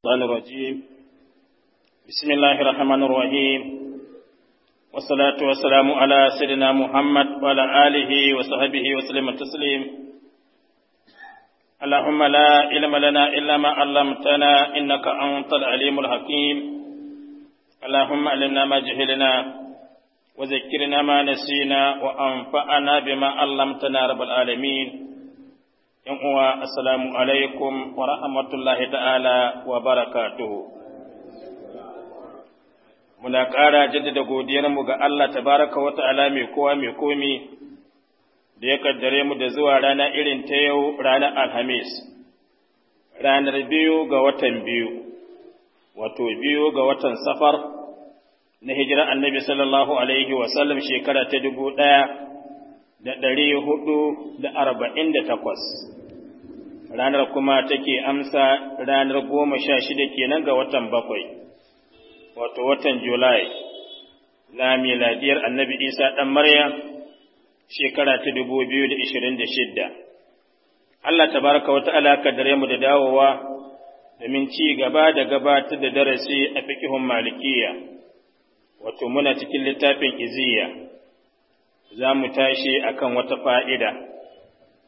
الشيطان الرجيم بسم الله الرحمن الرحيم والصلاة والسلام على سيدنا محمد وعلى آله وصحبه وسلم تسليم اللهم لا علم لنا إلا ما علمتنا إنك أنت العليم الحكيم اللهم علمنا ما جهلنا وذكرنا ما نسينا وأنفعنا بما علمتنا رب العالمين ‘Yan uwa, Assalamu alaikum wa rahmatullahi ta'ala wa barakatuhu. Muna ƙara jaddada mu ga Allah tabaraka wa ta'ala mai kowa mai komi da ya kaddare mu da zuwa rana irin ta yau ranar Alhamis, ranar biyu ga watan biyu, wato biyu ga watan safar na hijirar annabi sallallahu alaihi wasallam shekara ta dubu ɗaya. da ɗari hudu da arba'in da takwas ranar kuma take amsa ranar goma sha shida kenan ga watan bakwai wato watan julai na miladiyar annabi isa ɗan maryam shekara ta dubu biyu da ishirin da shidda allah Ta baraka wata alaka dare mu da dawowa domin ci gaba da gabatar da darasi a fikihun malikiya wato muna cikin littafin iziya za mu tashi kan wata fa'ida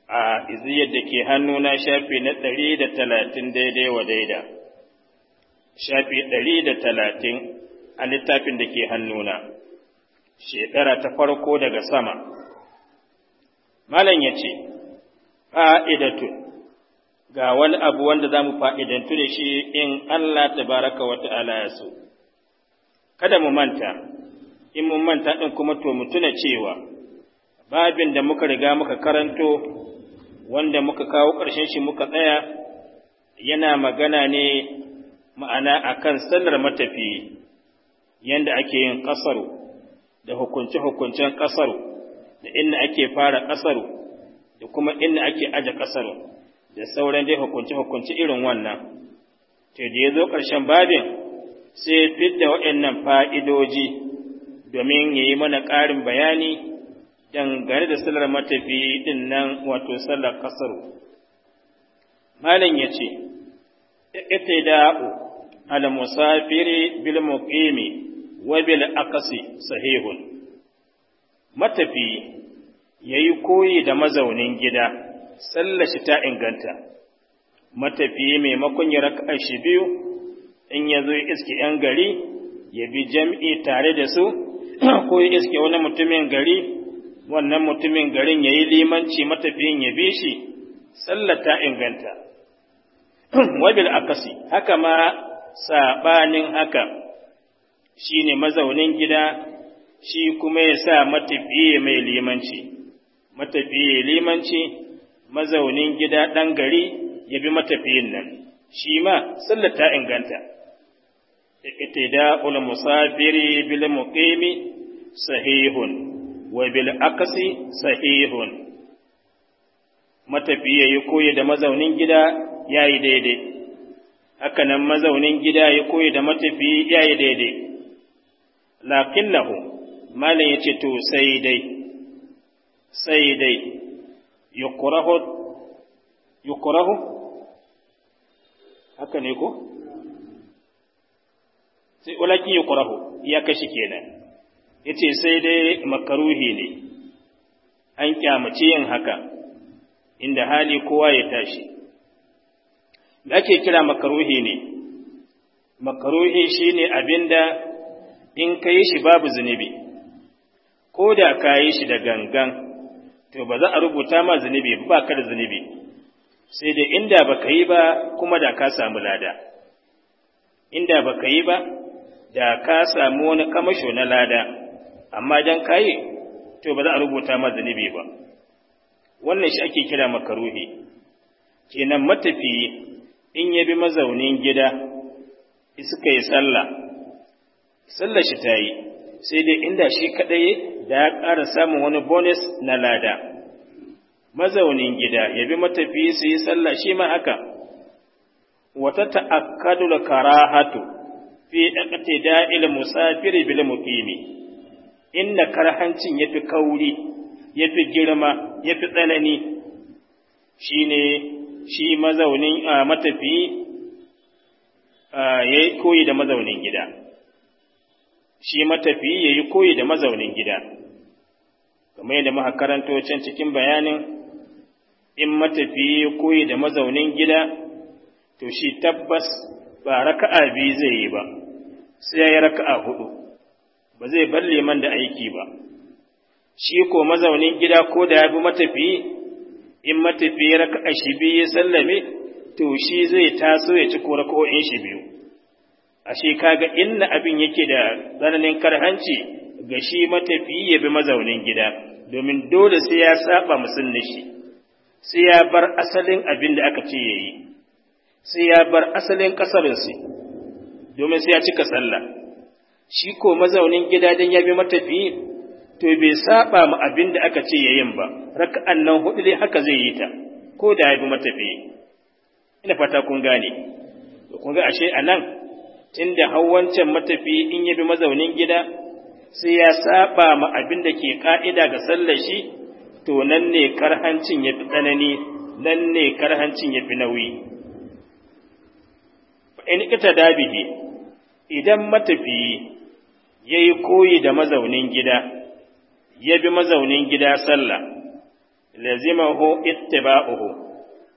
a iziyar da ke hannuna shafi na ɗari da talatin daidai wa daida, shafi ɗari da talatin a littafin da ke hannuna, shekara ta farko daga sama. Malam ya ce, fa'idatu, ga wani abu wanda za mu fa'idantu da shi in Allah ta baraka wata ala Kada mu manta, in mu manta ɗin kuma to mu tuna cewa, babin da muka riga muka karanto wanda muka kawo ƙarshen shi muka tsaya yana magana ne ma'ana akan sanar matafi yanda ake yin ƙasaru da hukunce-hukuncen ƙasaru da inda ake fara ƙasaru da kuma inda ake aje ƙasaru da sauran dai hukunce-hukunce irin wannan to da ya zo ƙarshen babin sai fidda waɗannan fa'idoji domin ya yi mana ƙarin bayani dangane da sallar matafi din nan wato sallar kasaru malam ya ce da al musafiri bil muqimi wa bil aqsi sahihun matafi yayi koyi da mazaunin gida sallar shi ta inganta matafi maimakon ya raka'a shi biyu in ya zo iske yan gari ya bi jam'i tare da su ko ya iske wani mutumin gari wannan mutumin garin ya yi limanci matafiyin ya bi shi, sallata inganta. Wabil akasi, haka ma saɓanin haka shi ne mazaunin gida, shi kuma ya sa matafiye mai limanci, matafiye limanci, mazaunin gida ɗan gari ya bi matafiyin nan, shi ma sallata inganta. Ita da musafiri bil muqimi sahihun. wa bil akasi sahihun matafiya ya koyi da mazaunin gida ya yi daidai hakanan mazaunin gida ya koyi da matafiya ya yi daidai lakinnahu malam ya ce to sai dai sai dai yukurahu yukurahu haka ne ko sai ulakin yukurahu ya kashi kenan yace sai dai makaruhi ne an kyamace yin haka inda hali kowa ya tashi da ake kira makaruhi ne makaruhi shine abinda in ka yi shi babu zunubi ko da ka yi shi da gangan to ba za a rubuta ma zunubi ba ka da zunubi sai dai inda ba yi ba kuma da ka samu lada inda ba yi ba da ka samu wani kamasho na lada amma idan kayi to ba za a rubuta ma zunubi ba wannan shi ake kira makaruhi kenan matafiyi in ya bi mazaunin gida suka yi sallah sallar shi ta yi sai dai inda shi kaɗai da ya ƙara samun wani bonus na lada mazaunin gida ya bi matafiyi su yi sallah shi ma haka wata ta'akkadul karahatu fi iqtida'il musafiri bil muqimi inna karhancin ya fi kauri ya fi girma ya fi tsanani shi ne shi mazaunin a matafi ya yi koyi da mazaunin gida shi matafi ya koyi da mazaunin gida kamar yadda muka karanto can cikin bayanin in matafi ya koyi da mazaunin gida to shi tabbas ba raka'a biyu zai yi ba sai ya yi raka'a hudu ba zai balle man da aiki ba shi ko mazaunin gida ko da ya bi matafi in matafi ya raka shi biyu ya sallame to shi zai taso ya ci ko raka'o'in shi biyu ashe kaga inna abin yake da tsananin karhanci ga shi matafi ya bi mazaunin gida domin dole sai ya saba musulmi shi sai ya bar asalin abin da aka ce yayi sai ya bar asalin ƙasarinsu, domin sai ya cika sallah shi ko mazaunin gida dan ya bi matafi to bai saba ma abin da aka ce yayin ba raka'an nan hudu dai haka zai yi ta ko da ya bi matafi ina fata kun gane to kun ga ashe anan tunda hawancan matafi in ya bi mazaunin gida sai ya saba ma abin da ke ka'ida ga sallashi, shi to nan ne karhancin ya fi tsanani nan ne karhancin ya fi nauyi in ita dabihi idan matafiyi ya yi koyi da mazaunin gida, ya bi mazaunin gida sallah, lazimahu ittiba'uhu,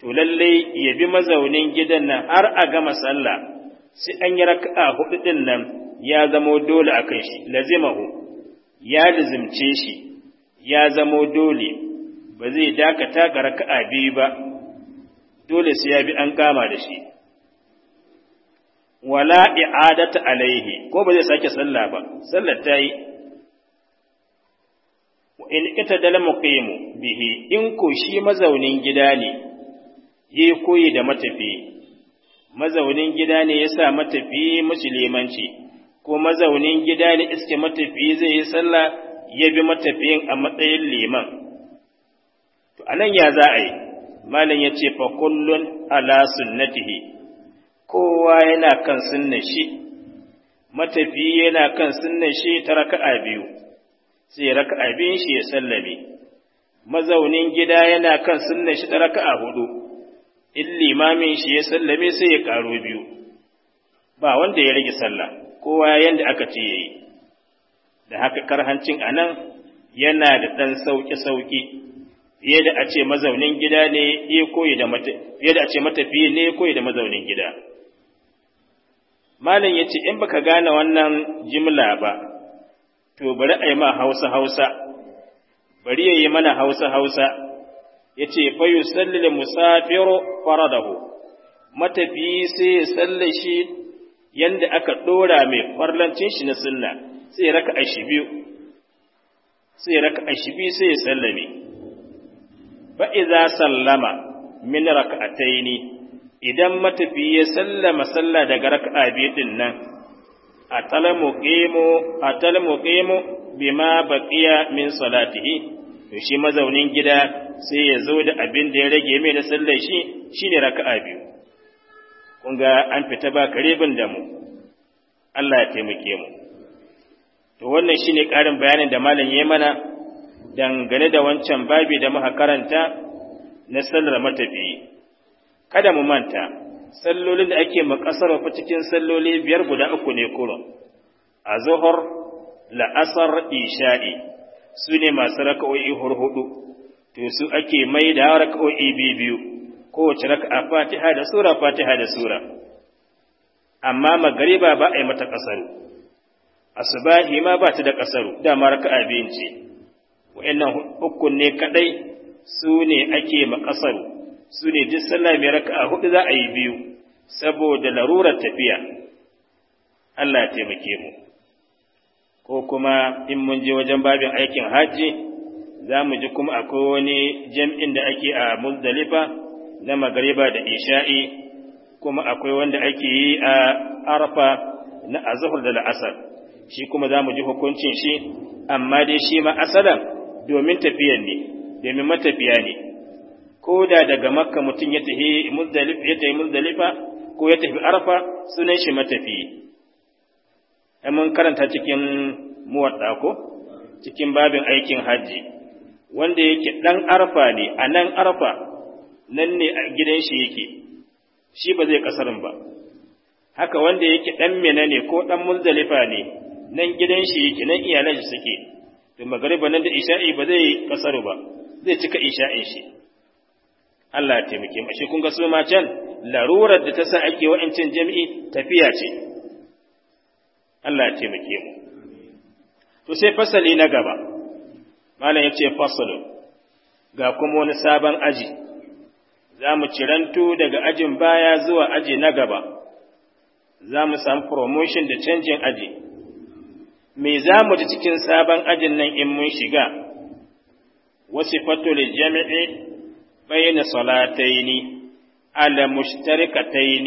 to lallai ya bi mazaunin gidan nan har a gama sallah, sai an yi raka'a hudu ɗin nan ya zamo dole a kan shi, lazimahu, ya lizimce shi, ya zamo dole, ba zai dakata ga raka'a biyu ba, dole sai ya bi an kama da shi. wala i'adata alaihi ko ba zai sake sallah ba sallar ta yi Wa in ita muqimu bihi in ko shi mazaunin gida ne yi koyi da matafi mazaunin gida ne ya sa matafi musulmanci ko mazaunin gida ne iske matafi zai yi sallah ya bi matafiyin a matsayin liman to anan ya za a yi malam ya ce fa kullun ala sunnatihi kowa yana kan sunna shi matafi yana kan sunna shi ta raka'a biyu sai raka'a biyun shi ya sallame mazaunin gida yana kan sunna shi ta raka'a hudu in limamin shi ya sallame sai ya karo biyu ba wanda ya rage sallah kowa yanda aka ce yayi da haka karhancin anan yana da dan sauki sauki fiye da a ce mazaunin gida ne ya koyi da fiye da a ce matafiye ne ya koyi da mazaunin gida malam ya ce in baka gane wannan jimla ba to bari a ma hausa hausa bari ya yi mana hausa hausa ya ce fayu sallil musafiru faradahu matafiyi sai ya salle shi yanda aka ɗora mai farlancin shi na sunna sai raka a biyu sai raka a shi biyu sai ya sallame fa'iza sallama min raka'ataini idan matafi ya sallama sallah daga raka'a biyu din nan a muqimu atal bi ma baqiya min salatihi to shi mazaunin gida sai ya zo da abin da ya rage mai na sallar shi shine raka'a biyu kun ga an fita ba karibin da mu Allah ya taimake mu to wannan shine ƙarin bayanin da malam ya mana dangane da wancan babi da muka karanta na sallar matafiyi kada mu manta sallolin da ake makasar fa cikin salloli biyar guda uku ne kurun a zuhur la'asar isha'i su ne masu raka'o'i hurhudu to su ake mai da raka'o'i biyu kowace raka'a fatiha da sura fatiha da sura amma magariba ba a yi mata kasaru asubahi ma ba ta da kasaru dama raka'a biyun ce wa'annan hukun ne kadai su ne ake makasaru su ne duk sallah mai raka'a hudu za a yi biyu saboda larurar tafiya Allah ya taimake mu ko kuma in mun je wajen babin aikin hajji za mu ji kuma akwai wani jam'in da ake a muzdalifa na magariba da isha'i kuma akwai wanda ake yi a arafa na azhar da la'asar shi kuma za mu ji hukuncin shi amma dai shi ma asalan domin tafiyan ne domin matafiya ne ko da daga makka mutum ya tafi muzdalifa ko ya tafi arfa sunan shi matafi mun karanta cikin muwadda ko cikin babin aikin hajji wanda yake dan arfa ne a nan arfa nan ne a gidan shi yake shi ba zai kasarin ba haka wanda yake dan mena ne ko dan muzdalifa ne nan gidan shi yake nan iyalan shi suke to magariba nan da isha'i ba zai kasaru ba zai cika isha'in shi Allah ya taimake mu ashe kun ga su can larurar da ta sa ake wa'ancan jami'i tafiya ce Allah ya taimake mu to sai fasali na gaba malam ya ce ga kuma wani sabon aji za mu ciranto daga ajin baya zuwa aji na gaba za mu samu promotion da canjin aji me za mu ji cikin sabon ajin nan in mun shiga wasu fatolin jami'i بين salataini على مشتركتين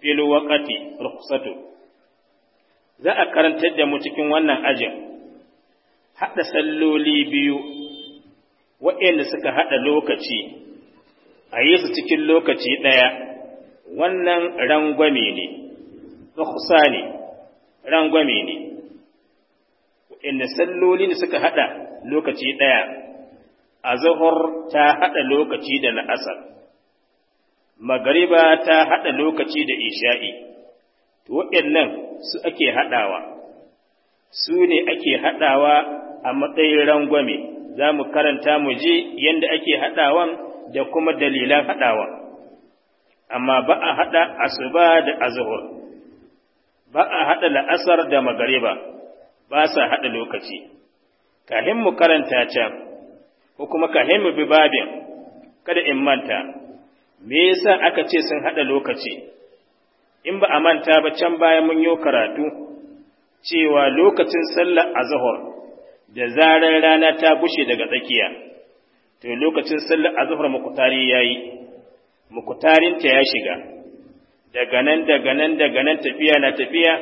في الوقت رخصته za a karantar da mu cikin wannan ajin hada salloli biyu waɗanda suka hada lokaci a yi su cikin lokaci ɗaya wannan rangwame ne rukhsa ne rangwame ne waɗanda salloli ne suka hada lokaci ɗaya Azuhur ta haɗa lokaci da la'asar magariba ta haɗa lokaci da isha'i to waɗannan su ake haɗawa. su ne ake haɗawa a matsayin rangwame za mu karanta mu ji yadda ake hadawan da kuma dalilan haɗawa, amma ba a hada asuba da azuhur. ba a hada la'asar da magariba ba sa hada lokaci kafin mu karanta can ko kuma ka haimu bi babin kada in manta me yasa aka ce sun haɗa lokaci in ba a manta ba can baya mun yi karatu cewa lokacin sallar azhar da zarar rana ta gushe daga tsakiya to lokacin sallar azhar mukutari yayi mukutarinta ya shiga daga nan daga nan daga nan tafiya na tafiya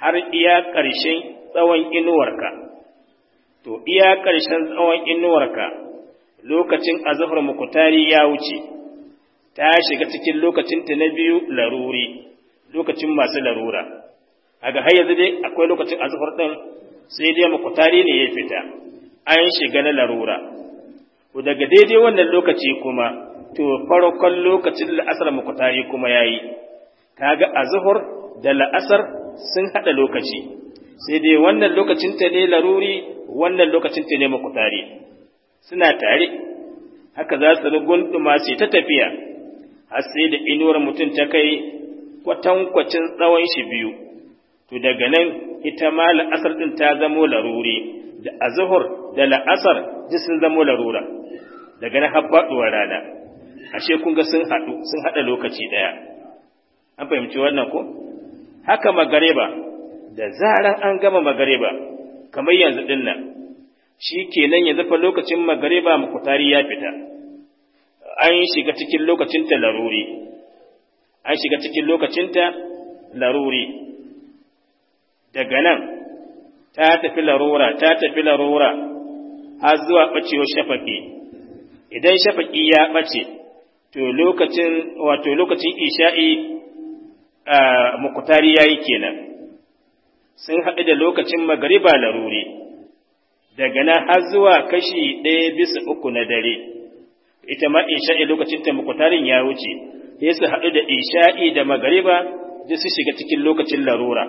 har iya ƙarshen tsawon inuwarka to iya ƙarshen tsawon inuwarka lokacin azufar mukutari ya wuce ta shiga cikin lokacinta na biyu laruri lokacin masu larura a ga har yanzu dai akwai lokacin azufar ɗin sai dai mukutari ne ya fita an shiga na larura daga daidai wannan lokaci kuma to farkon lokacin la'asar mukutari kuma ya yi kaga azufar da la'asar sun haɗa lokaci sai dai wannan lokacin ta ne laruri wannan lokacin ta ne makutari suna tare haka za su rugunduma sai ta tafiya har sai da inuwar mutum ta kai kwatankwacin tsawon shi biyu to daga nan ita ma la'asar din ta zamo laruri da azhur da la'asar duk sun zamo larura daga nan har faɗuwar rana ashe kun ga sun haɗu sun haɗa lokaci ɗaya an fahimci wannan ko haka magareba da zaran an gama magariba kamar yanzu din nan shi kenan yanzu fa lokacin magariba mukutari ya fita an shiga cikin lokacin ta laruri an shiga cikin lokacin ta laruri daga nan ta tafi larura ta tafi larura har zuwa bacewar shafaki idan shafaki ya bace to lokacin wato lokacin isha'i mukutari yayi kenan sun haɗu da lokacin magariba laruri daga nan har zuwa kashi ɗaya bisa uku na dare ita ma isha'i lokacin ta mukutarin ya wuce sai su haɗu da isha'i da magariba da su shiga cikin lokacin larura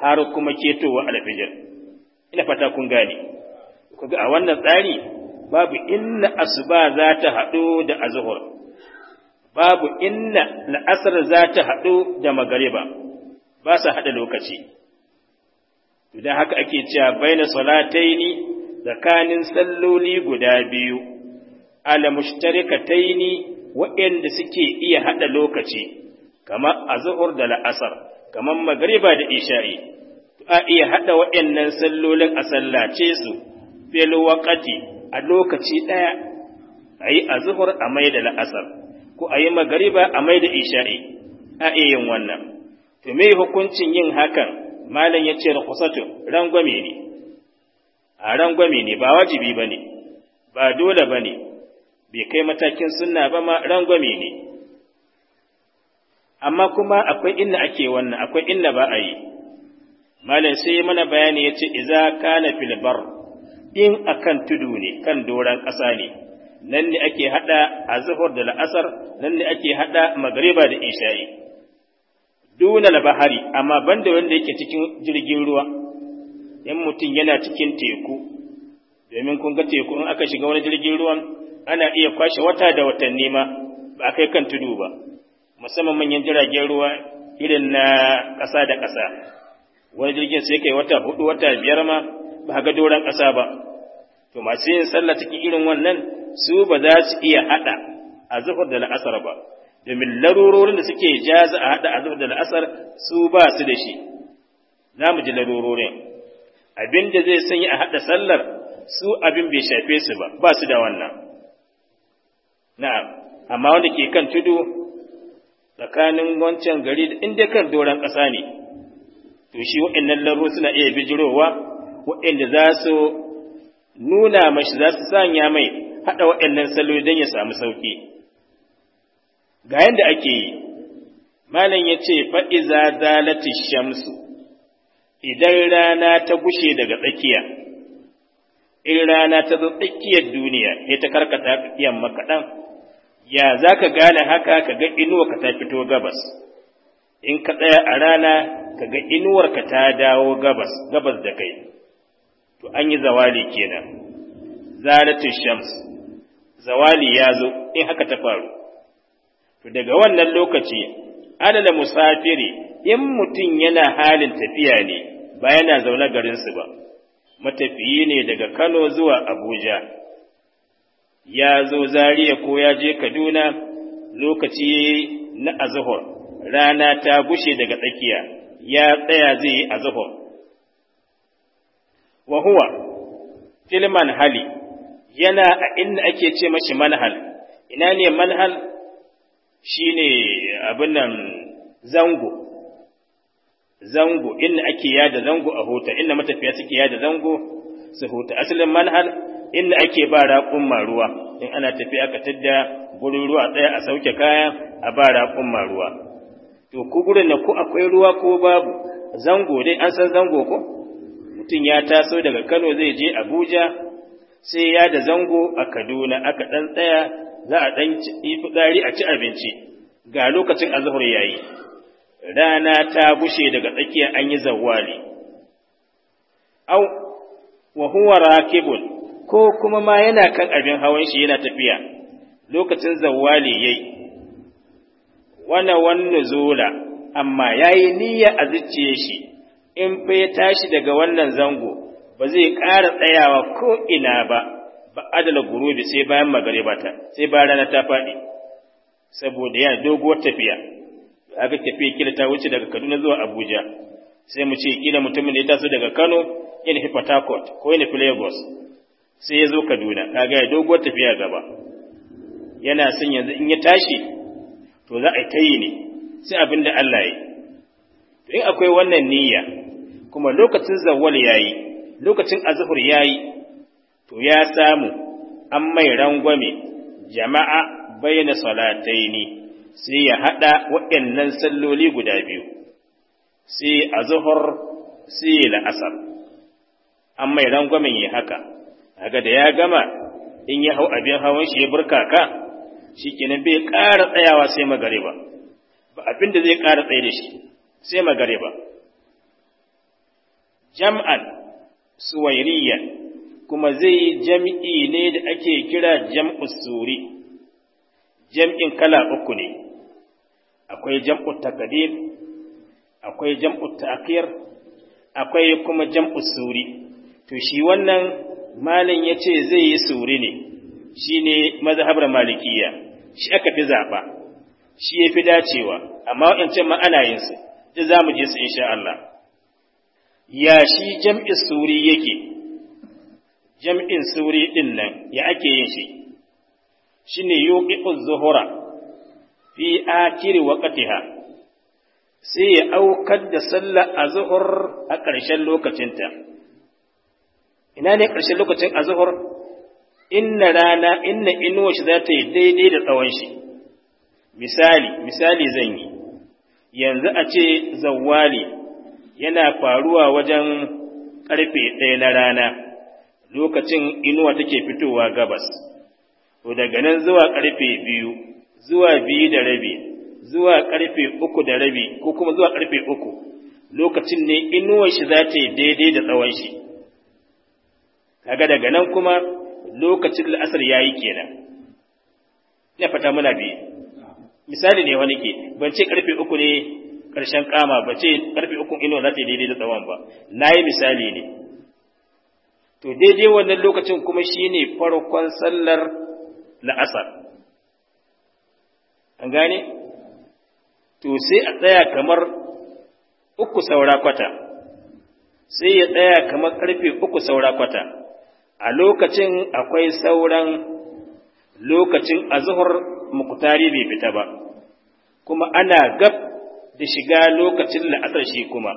har kuma ketowa alfijir ina fata kun gane kuga a wannan tsari babu inna asuba za ta haɗu da azuhur. babu inna la'asar za ta haɗu da magariba ba su haɗa lokaci idan haka ake cewa baina salataini tsakanin salloli guda biyu ala mushtarikataini waɗanda suke iya haɗa lokaci kamar azhur da la'asar kamar magriba da isha'i a iya haɗa waɗannan sallolin a sallace su fil waqti a lokaci ɗaya ayi yi azhur a mai da la'asar ko ayi yi a mai da isha'i a iya yin wannan to me hukuncin yin hakan malam ya ce rukusatun rangwame ne a rangwame ne ba wajibi ba ne ba dole ba ne bai kai matakin sunna ba ma rangwame ne amma kuma akwai inna ake wannan akwai inna ba a yi malam sai mana bayani ya ce iza kana filbar in akan tudu ne kan doron ƙasa ne nan ne ake haɗa a zuhur da la'asar nan ne ake haɗa magariba da isha'i duna bahari amma banda wanda yake cikin jirgin ruwa in mutum yana cikin teku domin kun ga teku in aka shiga wani jirgin ruwan ana iya kwashe wata da watanni ma ba kai kan tudu ba musamman manyan jiragen ruwa irin na ƙasa da ƙasa wani jirgin sai kai wata hudu wata biyar ma ba ga doron ƙasa ba to masu yin sallah cikin irin wannan su ba za su iya haɗa a zuhur da la'asar ba domin larurorin da suke jaza a haɗa azhar da la'asar su ba su da shi za mu ji larurorin abin da zai sanya a haɗa sallar su abin bai shafe su ba ba su da wannan na'am amma wanda ke kan tudu tsakanin wancan gari da inda kan doron ƙasa ne to shi wa'annan laro suna iya bijirowa wa'anda za su nuna mashi za su sanya mai haɗa wa'annan salo don ya samu sauki ga yadda ake yi malam ya ce fa'iza zalati shamsu idan rana ta gushe daga tsakiya in rana ta zo tsakiyar duniya ya ta karkata tsakiyar makaɗan ya za ka gane haka ka ga inuwarka ta fito gabas in ka tsaya a rana ka ga inuwarka ta dawo gabas gabas da kai to an yi zawali kenan zalatu shams zawali ya zo in haka ta faru to daga wannan lokaci alal musafiri in mutum yana halin tafiya ne ba yana zaune garinsu ba matafiyi ne daga Kano zuwa Abuja ya zo zariya ko ya je Kaduna lokaci na azhar rana ta gushe daga tsakiya ya tsaya zai yi azhar wa huwa tilman hali yana a inda ake ce mashi manhal ina ne manhal shine abin nan zango zango inda ake yada zango a hota inda matafiya suke yada zango su hota asalin manhal inda ake ba raƙun maruwa in ana tafiya aka tadda gurin ruwa ɗaya a sauke kaya a ba raƙun maruwa to ku gurin da ku akwai ruwa ko babu zango dai an san zango ko mutum ya taso daga Kano zai je Abuja sai ya da zango a Kaduna aka ɗan tsaya za a ɗan yi fitsari a ci abinci ga lokacin azhar yayi rana ta bushe daga tsakiyar an yi zawali au wa huwa ko kuma ma yana kan abin hawan shi yana tafiya lokacin zawali yayi wana wannan zola amma yayi niyya a zuciye shi in fa tashi daga wannan zango ba zai ƙara tsayawa ko ina ba adala gurubi sai bayan magariba ta sai bayan rana ta faɗi saboda yana doguwar tafiya ga tafiya kila ta wuce daga Kaduna zuwa Abuja sai mu ce kila mutumin da ya taso daga Kano in nufi Port ko in Lagos sai ya zo Kaduna kaga ya doguwar tafiya gaba yana son yanzu in ya tashi to za a ta yi ne sai abin da Allah ya yi in akwai wannan niyya kuma lokacin zawwal yayi lokacin azhur yayi to ya samu an mai rangwame jama'a salatai ne, sai ya haɗa waɗannan salloli guda biyu sai a zuhur sai la'asar an mai rangwamen ya haka haka da ya gama in ya hau abin hawan shi ya burka ka, shi kenan bai ƙara tsayawa sai magare ba abin da zai ƙara tsaye da shi sai magariba jam'an suwairiyan kuma zai jam'i ne da ake kira jam'u suri, jam'in kala uku ne, akwai jam'u takadir, akwai jam'u ta'akir, akwai kuma jam'u suri, to shi wannan malin ya ce zai yi suri ne, shi ne mazhabar malikiya, shi aka fi zaɓa, shi ya fi dacewa, amma in ma'ana ana yin da za mu je su insha Allah. Ya shi jam'i suri yake. jam'in suri ɗin nan ya ake yin shi, shi ne zuhura fi akiri waƙatiha, sai ya aukar da sallah a zuhur a ƙarshen lokacinta. Ina ne ƙarshen lokacin a zuhur? Inna rana, inna inuwa shi za ta yi daidai da tsawon shi. Misali, misali zan yi, yanzu a ce zawwali yana faruwa wajen ƙarfe ɗaya na rana. lokacin inuwa take fitowa gabas to daga nan zuwa karfe biyu zuwa biyu da rabi zuwa karfe uku da rabi ko kuma zuwa karfe uku lokacin ne inuwar shi za ta yi daidai da tsawon shi kaga daga nan kuma lokacin la'asar ya yi kenan ina fata muna bi misali ne wani ke ban ce karfe uku ne karshen kama ba ce karfe uku inuwa za ta yi daidai da tsawon ba na yi misali ne to daidai wannan lokacin kuma shine farkon sallar la'asar an gane to sai a tsaya kamar uku saura kwata sai ya tsaya kamar karfe uku saura kwata a lokacin akwai sauran lokacin azuhur muktari bai fita ba kuma ana gab da shiga lokacin la'asar shi kuma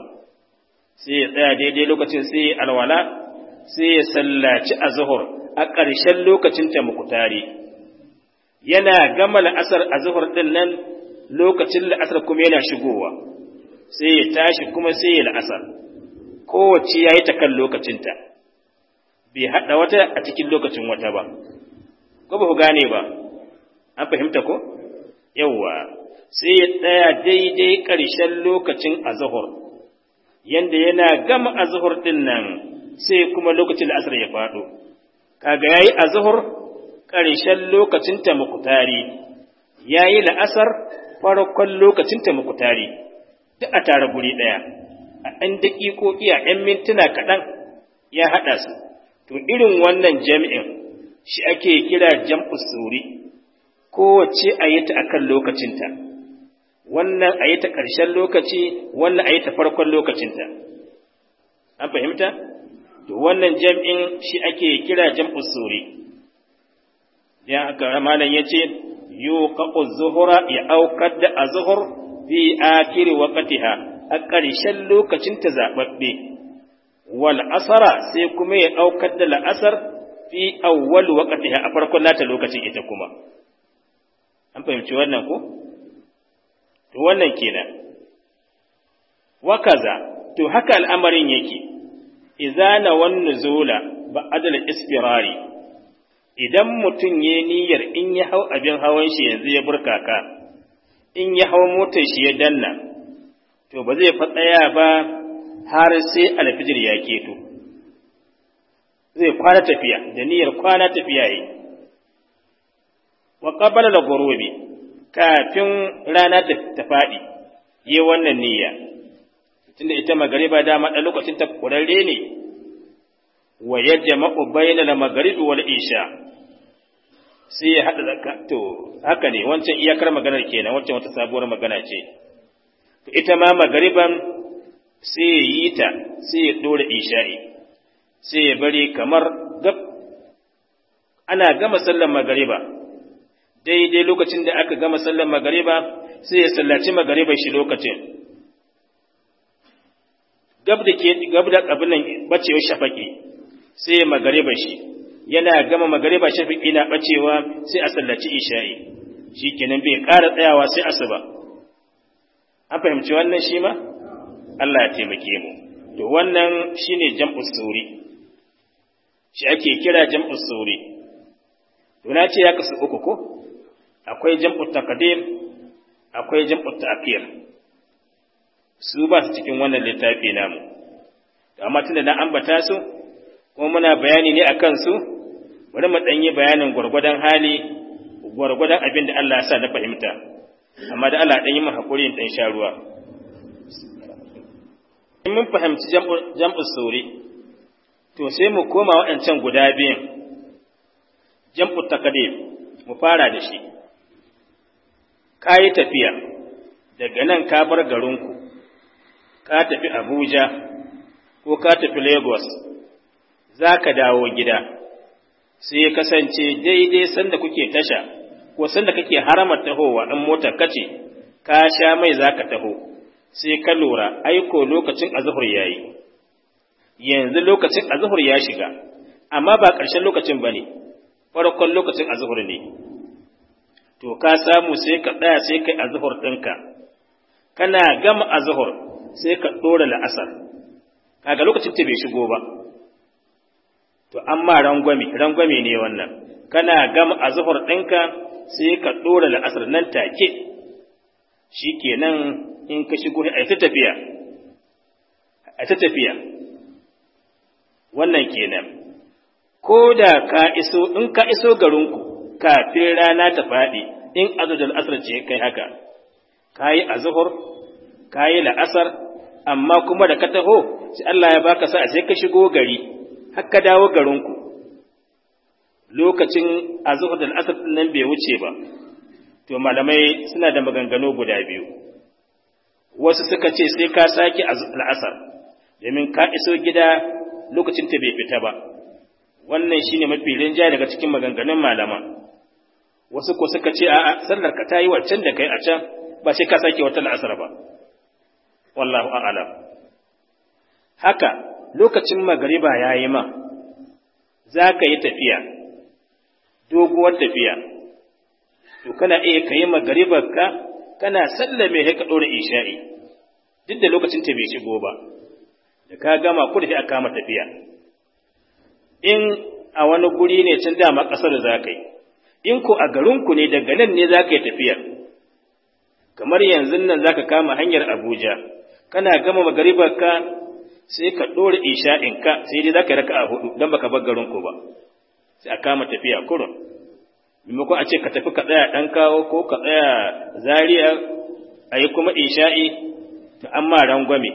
sai ya tsaya daidai lokacin sai alwala sai ya sallaci a zuhur a ƙarshen lokacin ta mukutari yana gama la'asar a zuhur ɗin nan lokacin la'asar kuma yana shigowa sai ya tashi kuma sai ya la'asar kowace ya yi ta kan lokacinta bai haɗa wata a cikin lokacin wata ba ko ba ku gane ba an fahimta ko yawwa sai ya tsaya daidai ƙarshen lokacin zuhur yanda yana gama zuhur ɗin nan sai kuma lokacin da asar ya faɗo kaga yayi azhur ƙarshen lokacin ta mukutari yayi la'asar farkon lokacin ta mukutari duk a tare guri ɗaya a ɗan daƙiƙoƙi a ‘yan mintuna kaɗan ya haɗa su to irin wannan jami'in shi ake kira jam'u suri kowace a yi ta a kan lokacinta wannan a yi ƙarshen lokaci wannan a yi ta farkon lokacinta an fahimta to wannan jam'in shi ake kira jam'u suri dan ya ce, yace yuqaqu zuhura ya aukar da azhur fi akhir waqtiha a ƙarshen lokacin ta zababbe wal asara sai kuma ya aukar da la'asar fi awwal waqtiha a farkon nata lokacin ita kuma an fahimci wannan ko to wannan kenan kaza to haka al'amarin yake izana wan nuzula ba adal istirari idan mutum ya niyyar in ya hau abin hawan shi yanzu ya burkaka in ya hau motar shi ya danna to ba zai ya ba har sai alfijir ya keto zai kwana tafiya da niyyar kwana tafiya yi wa qabala al-ghurubi kafin rana ta faɗi yi wannan niyya tunda ita magariba dama ɗan lokacin ta kurare ne wa yajma'u da maghribi wal isha sai ya haɗa zaka to haka ne wancan iyakar maganar kenan wancan wata sabuwar magana ce to ita ma magariban sai ya yi ta sai ya ɗora isha'i sai ya bari kamar gab ana gama sallar magariba daidai lokacin da aka gama sallar magariba sai ya sallaci magariba shi lokacin gab da ke gab da kabilan shafaki sai magariba shi yana gama magariba shafaki na bacewa sai a sallaci isha'i shikenan bai ƙara tsayawa sai asuba an fahimci wannan shi ma Allah ya taimake mu to wannan shine jam'u suri shi ake kira jam'u suri to na ce ya kasu uku ko akwai jam'u taqdim akwai jam'u ta'khir su ba su cikin wannan littafi namu amma tunda na ambata su kuma muna bayani ne akan su bari mu dan bayanin gwargwadon hali gwargwadon abin da Allah ya sa na fahimta amma da Allah dan yi mu hakuri dan sha ruwa in mun fahimci jam'u sauri, to sai mu koma waɗancan guda biyun jam'u takadim mu fara da shi ka yi tafiya daga nan ka bar garinku ka tafi Abuja ko ka tafi Lagos za ka dawo gida sai kasance daidai sanda kuke tasha ko sanda kake haramar tahowa in motar kace ka sha mai za ka taho sai ka lura aiko lokacin azuhur yayi yanzu lokacin azuhur ya shiga amma ba ƙarshen lokacin ba ne farkon lokacin azuhur ne to ka samu sai ka tsaya sai kai azuhur ɗinka kana gama azuhur sai ka ɗora la'asar kaga lokacin ta bai shigo ba to amma rangwame rangwame ne wannan kana gama a zuhur ɗinka sai ka ɗora la'asar nan take shi kenan in ka shigo a ta tafiya a ta tafiya wannan kenan ko da ka iso in ka iso garinku kafin rana ta faɗi in azudul la'asar ce kai haka kayi zuhur. kayi yi la'asar amma kuma da ka taho sai Allah ya baka sa, sai ka shigo gari har ka dawo garinku lokacin azhar da al'asar nan bai wuce ba to malamai suna da maganganu guda biyu wasu suka ce sai ka sake al'asar domin ka iso gida lokacin ta bai fita ba wannan shine mafi rinjaya daga cikin maganganun malama wasu ko suka ce a'a sallar ka tayi waccan da kai a can ba sai ka sake wata al'asar ba wallahu a'lam haka lokacin magariba yayi ma za ka yi tafiya doguwar tafiya to kana iya ka yi magaribarka kana sallame sai ka ɗora isha'i duk da lokacin ta bai shigo ba da ka gama ku da a kama tafiya in a wani guri ne can dama ƙasar da za ka yi in ko a garinku ne daga nan ne za ka yi tafiyar kamar yanzu nan za ka kama hanyar abuja kana gama magaribar ka sai ka ɗora isha'in ka sai dai zaka a hudu dan baka bar garin ba sai a kama tafiya kurun maimakon a ce ka tafi ka tsaya dan kawo ko ka tsaya zariya ayi kuma isha'i to amma rangwame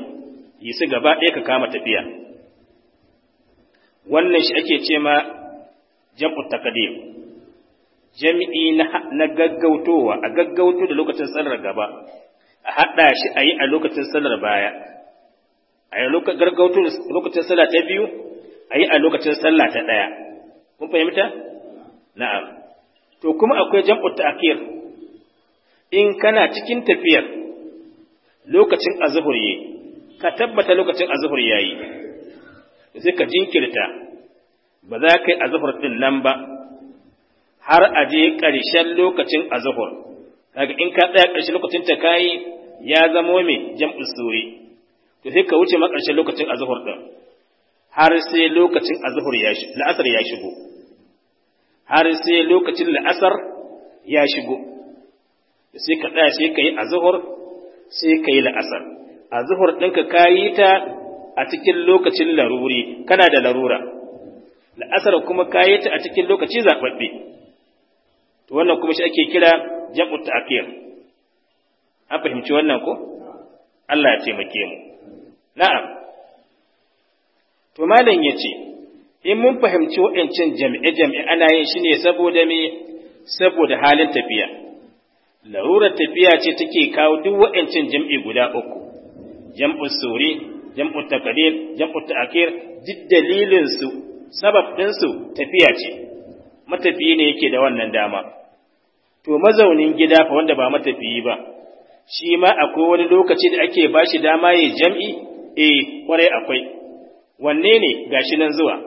yi su gaba ɗaya ka kama tafiya wannan shi ake ce ma jam'u taqdim jami'i na gaggautowa a gaggauto da lokacin tsarar gaba a haɗa shi a yi a lokacin sallar baya a yi lokacin sallah ta biyu a yi a lokacin sallah ta ɗaya kun fahimta na'am to kuma akwai jam'u ta'khir in kana cikin tafiyar lokacin azhur yi ka tabbata lokacin azhur yayi sai ka jinkirta ba za ka yi azuhur din nan ba har a je ƙarshen lokacin azuhur. kaga in ka tsaya ƙarshe lokacin ta kayi ya zamo me jam'ul suri to sai ka wuce ma lokacin azhur din har sai lokacin azhur ya shi la'asar ya shigo har sai lokacin la'asar ya shigo sai ka tsaya sai kai azhur sai kai la'asar azhur ɗinka kayi ta a cikin lokacin laruri kana da larura la'asar kuma kayi ta a cikin lokaci zaɓaɓɓe wannan kuma shi ake kira ta ta'khir an fahimci wannan ko Allah ya taimake mu na'am to malam yace in mun fahimci wa'ancin jami'e jami'e ana yin shi ne saboda me saboda halin tafiya larurar tafiya ce take kawo duk wa'ancin jam'i guda uku jam'u suri jam'u taqdir jam'u ta'khir duk dalilin su sabab su tafiya ce matafiyi ne yake da wannan dama to mazaunin gida fa wanda ba matafiyi ba shi ma akwai wani lokaci da ake ba shi dama ya jam'i eh kwarai akwai wanne ne shi nan zuwa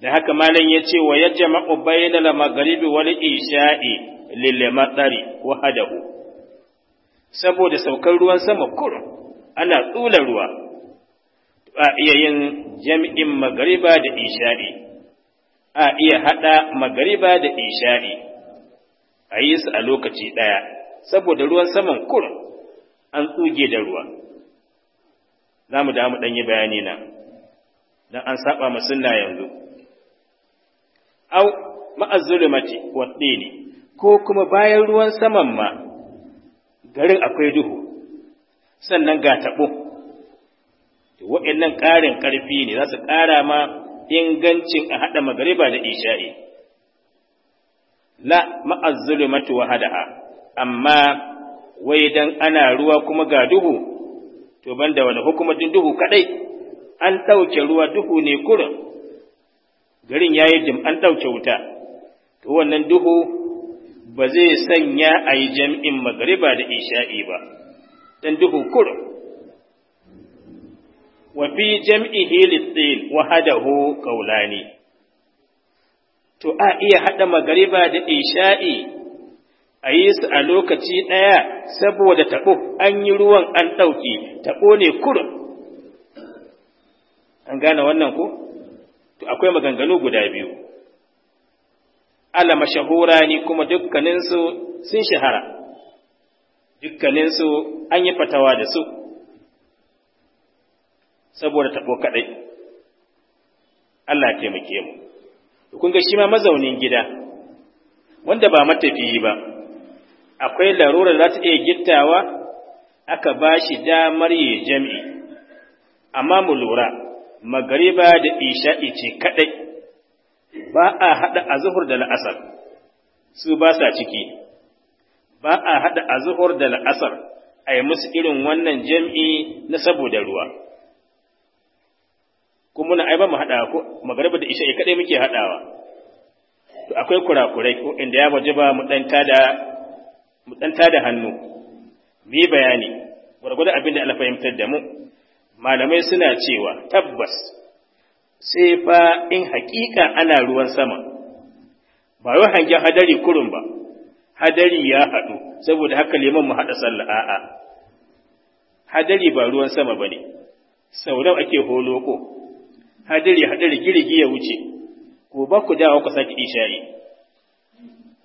da haka malam ya ce wa yajja bayyana da magaribi wani isha'i lille matsari wahadahu saboda saukar ruwan sama kur ana tsula ruwa a iya yin jam'in magariba da isha'i a iya haɗa magariba da isha'i a yi su a lokaci ɗaya saboda ruwan saman kur an tsuge da ruwa za mu damu ɗanyi bayani na don an saba masu na yanzu au mace waɗe ne ko kuma bayan ruwan saman ma garin akwai duhu sannan ga taɓo waɗannan ƙarin ƙarfi ne za su ƙara ma ingancin a haɗa magariba da isha'i la ma'azzulumatu wahadaha amma wai dan ana ruwa kuma ga duhu to banda wani hukumatin duhu kadai an ɗauke ruwa duhu ne kurin garin ya yi jim an ɗauke wuta to wannan duhu ba zai sanya a yi jam'in magariba da isha'i ba dan duhu kurin wa fi jam'ihi litsin wahadahu kaulani to a iya haɗa magariba da isha'i a yi su a lokaci ɗaya saboda taɓo an yi ruwan an ɗauki taɓo ne kurum an gane wannan ko to akwai maganganu guda biyu ala mashahura ni kuma dukkaninsu sun shahara dukkaninsu an yi fatawa da su saboda taɓo kaɗai Allah ya taimake mu kun ga shi ma mazaunin gida wanda ba matafiyi ba akwai larura da za ta iya gittawa aka ba shi damar yi jam'i amma mu lura magariba da isha ce kaɗai ba a haɗa zuhur da la'asar su ba sa ciki ba a haɗa azuhur da la'asar a yi musu irin wannan jami'i na saboda ruwa kuma na ai ba mu hada ko magaraba da isha'i kaɗai muke hadawa to akwai kurakurai ko inda ya waje ba mu dan tada hannu mu yi bayani gwargwado abin da Allah fahimtar da mu malamai suna cewa tabbas sai fa in hakika ana ruwan sama ba wai hangen hadari kurun ba hadari ya haɗu saboda haka liman mu haɗa sallah a'a hadari ba ruwan sama bane sau ake ake ko. hadiri hadiri girgi ya wuce gobe ku dawo ku sake isha'i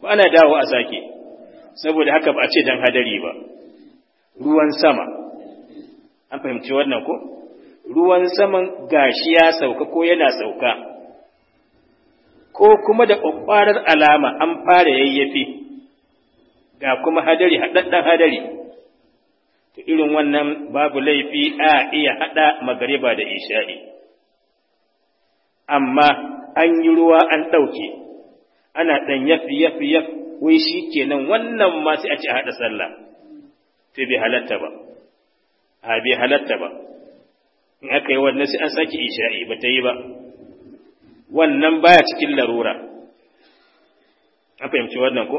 ba ana dawo a sake saboda haka ba a ce dan hadari ba ruwan sama an fahimci wannan ko ruwan saman gashi ya sauka ko yana sauka ko kuma da ƙwaƙwarar alama an fara yayyafi ga kuma hadari haɗaɗɗen hadari to irin wannan babu laifi a iya haɗa magariba da isha'i amma an yi ruwa an ɗauke ana ɗan yafi yafi yafi wai shi kenan wannan ma sai a ci a haɗa sallah to bi halatta ba a bi halatta ba in aka yi wannan sai an sake isha'i ba ta yi ba wannan baya cikin larura an fahimci wannan ko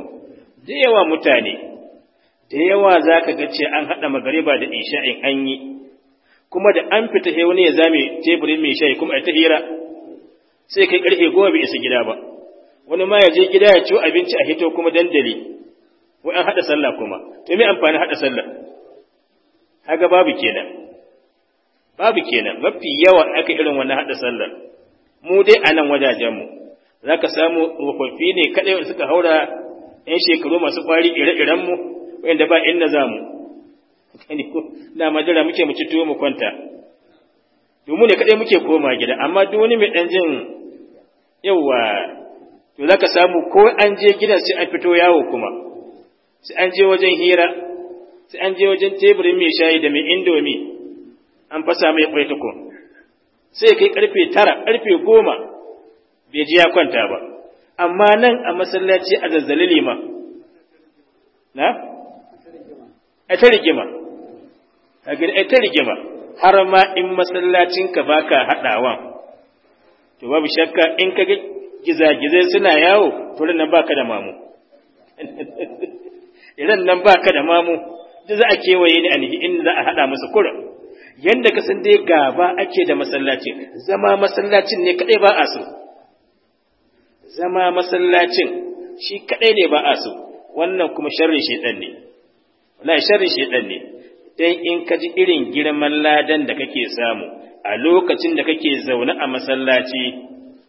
da yawa mutane da yawa za ka ga ce an haɗa magariba da isha'in an yi kuma da an fita wani ya zame teburin mai shayi kuma a ta hira sai kai karfe goma bai isa gida ba wani ma ya je gida ya ciwo abinci a hito kuma dandali wai an haɗa sallah kuma to me amfani haɗa sallah Haga babu kenan babu kenan mafi yawa aka irin wannan haɗa sallah mu dai a nan wajajen mu zaka samu tsofaffi ne kadai wanda suka haura yan shekaru masu kwari ire-iren mu wanda ba inda zamu na majira muke mu ci tuwo mu kwanta domin ne kadai muke koma gida amma duk wani mai dan jin yawa to zaka samu ko an je gida sai an fito yawo kuma sai an je wajen hira sai an je wajen teburin mai shayi da mai indomi an fasa mai kwai ko. sai kai karfe tara karfe goma bai ji ya kwanta ba amma nan a masallaci a zazzali lima na a ta rigima a ta rigima har ma in masallacinka baka haɗawan to babu shakka in ka gizagizai suna yawo to nan baka da mamu idan nan baka da mamu da za a kewaye ni a nihi in za a haɗa musu kura yanda ka san dai gaba ake da masallaci zama masallacin ne kadai ba a so zama masallacin shi kadai ne ba a so wannan kuma sharrin shedan ne wallahi sharrin shedan ne dan in ka ji irin girman ladan da kake samu a lokacin da kake zaune a masallaci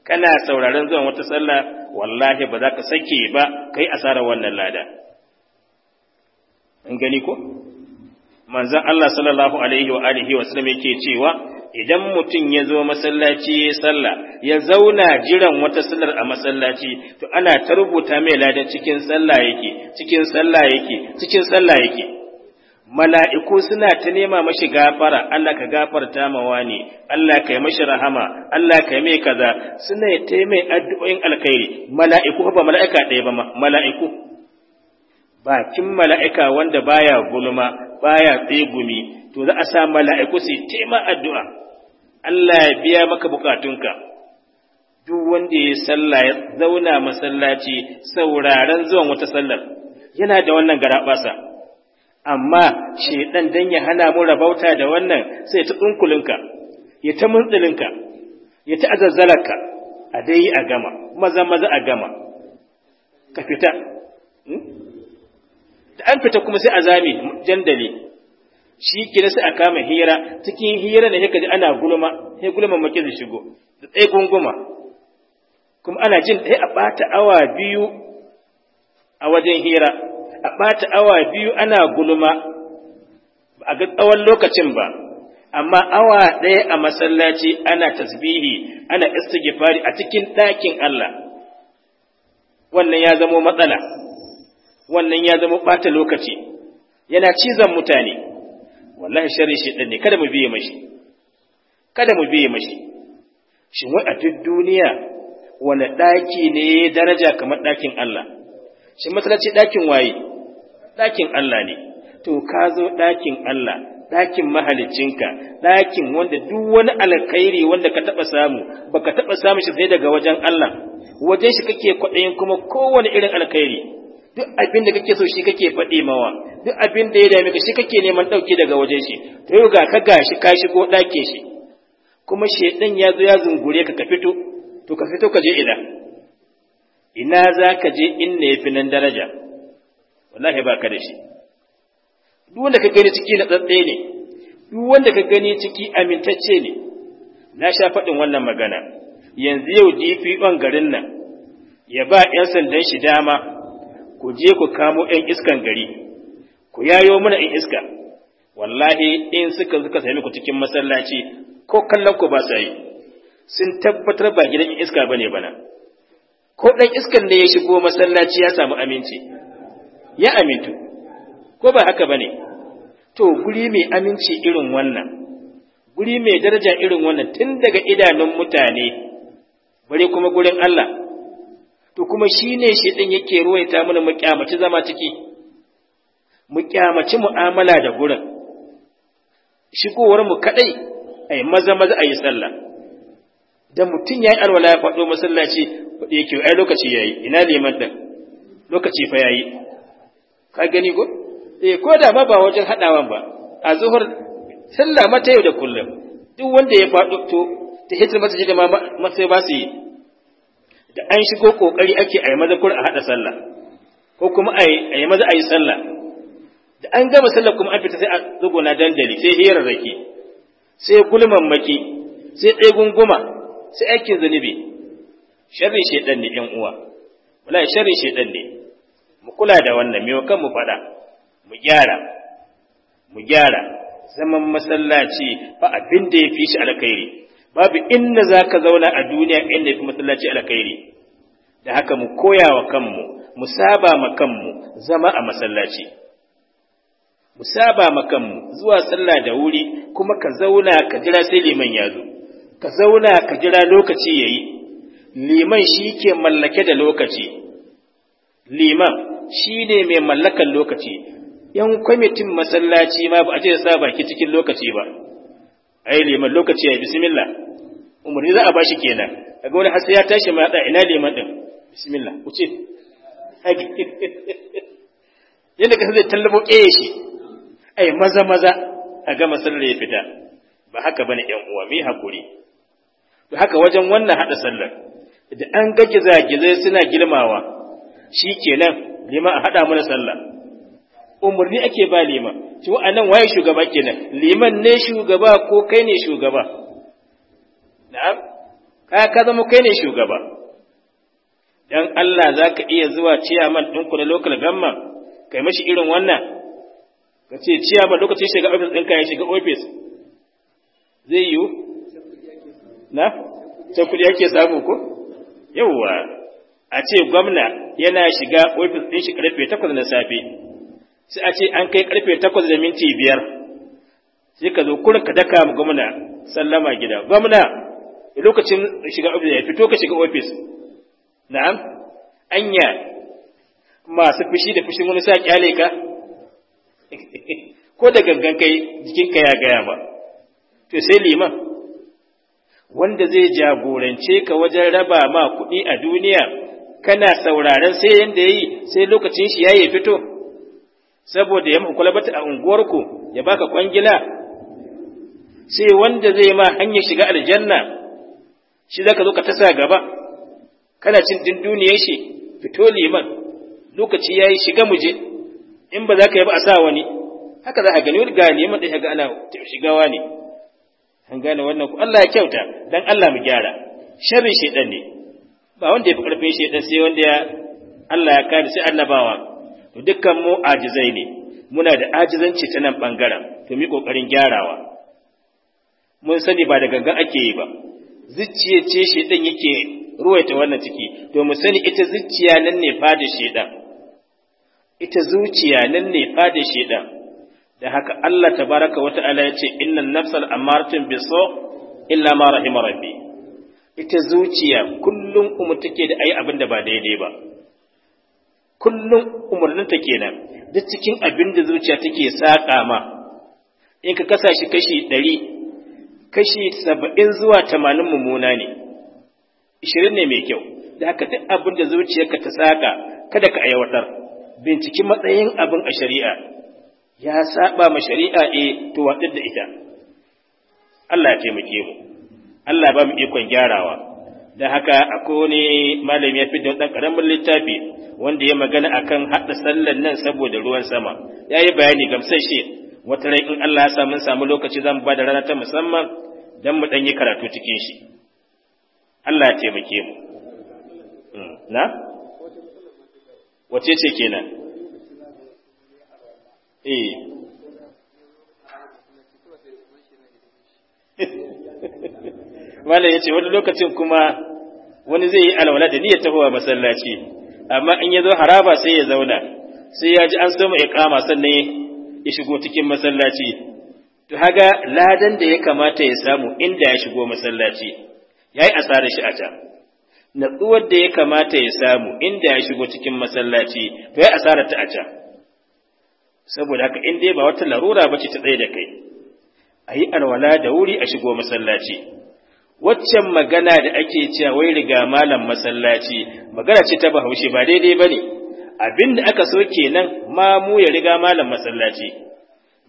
kana sauraron zuwan wata sallah wallahi ba za ka sake ba kai asara wannan lada in gani ko manzon Allah sallallahu alaihi wa alihi wa sallam yake cewa idan mutum ya zo masallaci ya sallah ya zauna jiran wata sallar a masallaci to ana ta rubuta mai lada cikin sallah yake cikin sallah yake cikin sallah yake mala'iku suna ta nema mashi gafara, Allah ka gafarta mawa ne, Allah ka yi mashi rahama, Allah ka yi mai kaza, suna ta mai addu'o'in alkhairi, mala'iku ba mala'ika ɗaya ba mala'iku. Bakin mala'ika wanda baya gulma, baya tsegumi, to za a sa mala'iku su ma addu'a, Allah ya biya maka bukatunka. Duk wanda ya sallah ya zauna masallaci sauraren zuwan wata sallar, yana da wannan garaɓasa. amma shi dan ya hana mu rabauta da wannan sai ta dunkulinka ya ta muntsilinka ya ta azazzalaka a dai a gama maza maza a gama ka fita hmm? da an fita kuma sai azami zame jandali shi kira sai a kama hira cikin hira ne kaji ana gulma sai gulma maki da shigo da tsaye gunguma kuma ana jin dai a ɓata awa biyu a wajen hira a ɓata awa biyu ana gulma ba a ga tsawon lokacin ba amma awa ɗaya a masallaci ana tasbihi ana istighfari a cikin ɗakin Allah wannan ya zamo matsala wannan ya zamo ɓata lokaci yana cizon mutane wallahi sharri shi ne kada mu biye mashi kada mu biye mashi shin wai a duk duniya wani ɗaki ne daraja kamar ɗakin Allah, shi masallaci ɗakin waye, ɗakin Allah ne to ka zo ɗakin Allah ɗakin mahalicinka ɗakin wanda duk wani alkhairi wanda ka taɓa samu baka taɓa samu shi sai daga wajen Allah wajen shi kake kwaɗayin kuma kowane irin alkhairi duk abin da kake so shi kake faɗi mawa duk abin da ya dame ka shi kake neman ɗauke daga wajen shi to yau ga ka gashi ka shigo ɗakin shi kuma shedan ya zo ya zungure ka ka fito to ka fito ka je ina ina za ka je in yafi fi nan daraja wallahi ba ka da shi duk wanda ka gani ciki na tsatse ne duk wanda ka gani ciki amintacce ne na sha faɗin wannan magana yanzu yau DPO garin nan ya ba 'yan sandan shi dama ku je ku kamo 'yan iskan gari ku yayo mana 'yan iska wallahi in suka suka sami ku cikin masallaci ko kallon ku ba su yi sun tabbatar ba gidan iska bane bana ko dan iskan da ya shigo masallaci ya samu aminci ya amintu ko ba haka bane to guri mai aminci irin wannan guri mai daraja irin wannan tun daga idanun mutane bare kuma gurin Allah to kuma shine shi din yake ruwaita mana mu kyamaci zama ciki mu kyamaci mu'amala da gurin shigowar mu kadai ai maza maza ayi sallah da mutum ya yi alwala ya fado masallaci yake ai lokaci yayi ina liman din lokaci fa yayi ka gani ko eh ko da ma ba wajen haɗawa ba a zuhur sallah mata yau da kullum duk wanda ya faɗo to ta hitar da ma masai ba su yi da an shigo kokari ake a yi maza kur a haɗa sallah ko kuma a yi maza a yi sallah da an gama sallah kuma an fita sai a zuguna dandali sai rake sai maki, sai ɗaya gunguma sai aikin zunubi sharri shaidan ne 'yan uwa wallahi sharri shaidan ne mu kula da wannan mai kan mu faɗa mu gyara mu gyara zaman masallaci ba abin da ya fi shi alkhairi babu inda za ka zauna a duniya inda ya fi masallaci alkhairi da haka mu koya wa kanmu mu saba ma kanmu zama a masallaci mu saba ma kanmu zuwa sallah da wuri kuma ka zauna ka jira sai liman ya zo ka zauna ka jira lokaci yayi liman shi ke mallake da lokaci liman shi ne mai mallakan lokaci yan kwamitin masallaci ma ba a ce sa baki cikin lokaci ba ai liman lokaci ya bismillah umarni za a bashi kenan kaga wani har sai ya tashi ma da ina liman din bismillah ce? yadda ka zai tallabo ƙeye shi ai maza maza a ga masallar ya fita ba haka bane yan uwa mai hakuri to haka wajen wannan hada sallar da an ga gizai suna girmawa shi kenan liman a haɗa mana sallah umarni ake ba liman to a nan waye shugaba kenan liman ne shugaba ko kai ne shugaba na'am ka ka zama kai ne shugaba dan Allah za ka iya zuwa ciyaman ɗinku na local government kai mashi irin wannan ka ce ciyaman lokacin shiga ofis ɗinka ya shiga ofis zai yiwu na can kuɗi ake samu ko yawwa a ce gwamna yana shiga ofis ɗin shi karfe takwas na safe sai a ce an kai karfe takwas da minti biyar sai ka zo kurin ka daka ma gwamna sallama gida gwamna lokacin shiga ofis ya fito ka shiga ofis na'am anya masu fushi da fushin wani sa kyale ka ko da gangan kai jikinka ya gaya ba to sai liman wanda zai jagorance ka wajen raba ma kuɗi a duniya kana sauraron sai yanda yayi sai lokacin shi yayi fito saboda ya muku kulabata a unguwarku ya baka kwangila sai wanda zai ma hanyar shiga aljanna shi zaka zo ka tasa gaba kana cin duniyar shi fito liman lokaci yayi shiga muje in ba za ka yi ba a sa wani haka za a gani wani gane mun da ga ana shigawa ne an gane wannan ku Allah ya kyauta dan Allah mu gyara shi shedan ne ba wanda ya fi ƙarfin shaidan sai wanda ya Allah ya kare sai annabawa to dukkan mu ajizai ne muna da ajizanci ta nan bangaren to mi kokarin gyarawa mun sani ba da gangan ake yi ba zuciya ce shaidan yake ruwaita wannan ciki to mu sani ita zuciya nan ne fada shedan ita zuciya nan ne fada shedan da haka Allah tabaraka wa ta'ala ya ce innan nafsal amartin biso illa ma rahima rabbi ita zuciya kullum umar take da ayi abin da ba daidai ba kullum umarninta kenan duk cikin abin da zuciya take saƙa ma in ka kasa shi kashi ɗari kashi saba'in zuwa tamanin mummuna ne ishirin ne mai kyau da haka duk abin da zuciyarka ta saƙa kada ka aiwatar binciki matsayin abin a shari'a ya saɓa ma shari'a eh to da ita Allah ya taimake mu Allah ba mu ikon gyarawa da haka akwai wani malami ya fidda ɗan ƙaramin littafi wanda ya magana akan haɗa sallan nan saboda ruwan sama ya yi bayani gamsashe wata rai in Allah ya sa mun samu lokaci zan ba da rana ta musamman don mu ɗan yi karatu cikin shi Allah ya taimake mu hmm, na wace ce kenan eh ya yace wani lokacin kuma wani zai yi alwala da niyyar tahowa masallaci amma in ya zo haraba sai ya zauna sai ya ji an samu iqama sannan ya shigo cikin masallaci to haga ladan da ya kamata ya samu inda ya shigo masallaci yayi asarar shi a can natsuwar da ya kamata ya samu inda ya shigo cikin masallaci to yayi asarar ta a can saboda haka in dai ba wata larura bace ta tsaye da kai ayi alwala da wuri a shigo masallaci waccan magana da ake cewa wai riga malam masallaci magana ce ta bahaushe ba daidai bane abin da aka so kenan mamu ya riga malam masallaci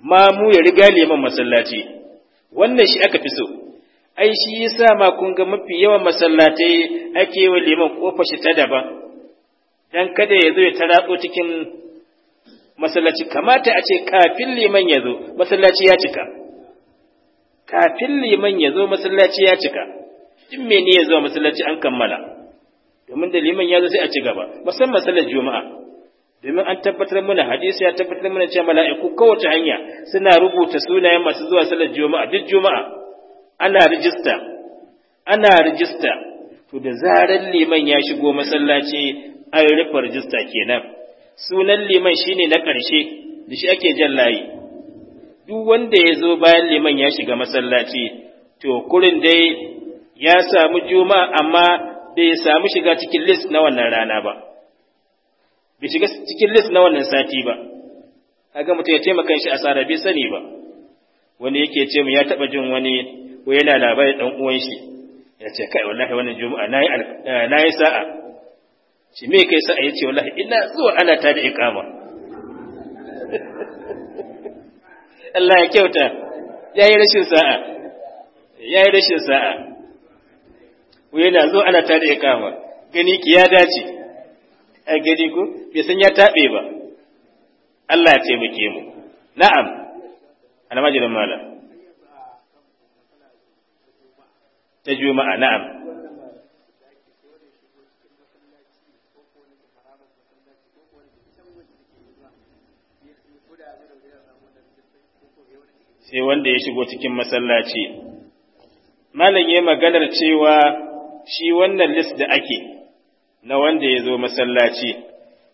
mamu ya riga liman masallaci wannan shi aka fi so ai shi yasa ma kun ga mafi yawan masallatai ake wa liman kofar shi ta daban dan kada ya zo ya taratso cikin masallaci kamata a ce kafin liman ya zo masallaci ya cika kafin liman ya zo masallaci ya cika in mene ya zo masallaci an kammala domin da liman ya zo sai a ci gaba musamman sallar juma'a domin an tabbatar mana hadisi ya tabbatar mana cewa mala'iku kowace hanya suna rubuta sunayen masu zuwa sallar juma'a duk juma'a ana rijista ana rijista to da zarar liman ya shigo masallaci an rufe rijista kenan sunan liman shine na ƙarshe da shi ake jan layi duk wanda ya zo bayan liman ya shiga masallaci to kurin dai ya samu juma amma bai samu shiga cikin list na wannan rana ba bai shiga cikin list na wannan sati ba kaga mutum ya taimaka shi asara bai sani ba wani yake ce mu ya taba jin wani ko yana labarin dan uwan shi ya ce kai wallahi wannan juma'a nayi eh, nayi sa'a shi me kai sa'a yace wallahi ina zuwa ana ta da iqama Allah ya kyauta ya yi rashin sa'a ya yi rashin sa'a na zo ana ta da kama gani ki ya dace a gani ku bai san ya taɓe ba Allah ya taimake mu na'am almajirin malam ta juma'a na'am sai wanda ya shigo cikin masallaci malam ya maganar cewa shi wannan list da ake na wanda ya zo masallaci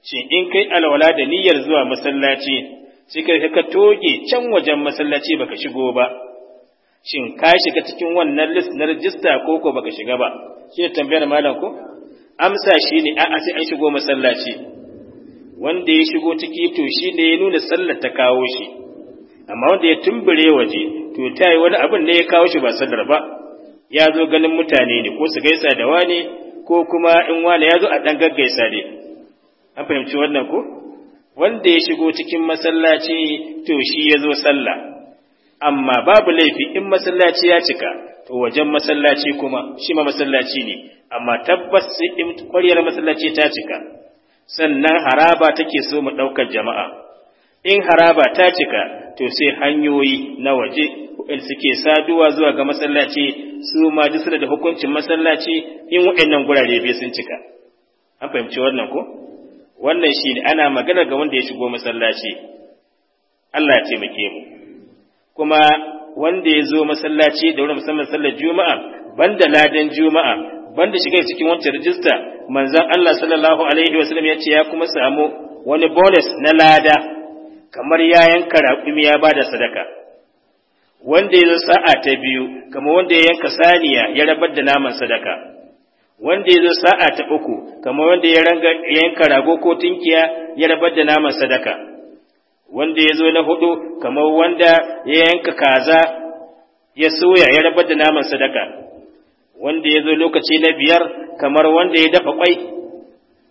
shin in kai alwala da niyyar zuwa masallaci sai ka toge can wajen masallaci baka shigo ba shin ka shiga cikin wannan list na rajista ko ko baka shiga ba shi ne tambayar malam ko amsa shine a'a sai an shigo masallaci wanda ya shigo ciki to shi ne ya nuna sallar ta kawo shi amma wanda ya tumbure waje to ta yi wani abin da ya kawo shi ba sadar ba ya zo ganin mutane ne ko su gaisa da wani ko kuma in wani ya zo a ɗan gaggaisa ne an fahimci wannan ko wanda ya shigo cikin masallaci to shi ya zo sallah amma babu laifi in masallaci ya cika to wajen masallaci kuma shi ma masallaci ne amma tabbas sai in ƙwaryar masallaci ta cika sannan haraba take so mu ɗaukar jama'a in haraba ta cika to sai hanyoyi na waje waɗanda suke saduwa zuwa ga masallaci su ma duk da hukuncin masallaci in waɗannan gurare bai sun cika an fahimci wannan ko wannan shi ne ana magana ga wanda ya shigo masallaci Allah ya taimake mu kuma wanda ya zo masallaci da wurin musamman sallar juma'a banda ladan juma'a banda shiga cikin wancan rijista manzan Allah sallallahu alaihi wasallam ya ce ya kuma samu wani bonus na lada kamar ya yanka raƙumi ya ba sadaka wanda ya zo sa'a ta biyu kamar wanda ya yanka saniya ya rabar da naman sadaka wanda ya zo sa'a ta uku kamar wanda ya yanka rago ko tunkiya ya rabar da naman sadaka wanda ya zo na hudu kamar wanda ya yanka kaza ya soya ya rabar da naman sadaka wanda ya zo lokaci na biyar kamar wanda ya dafa kwai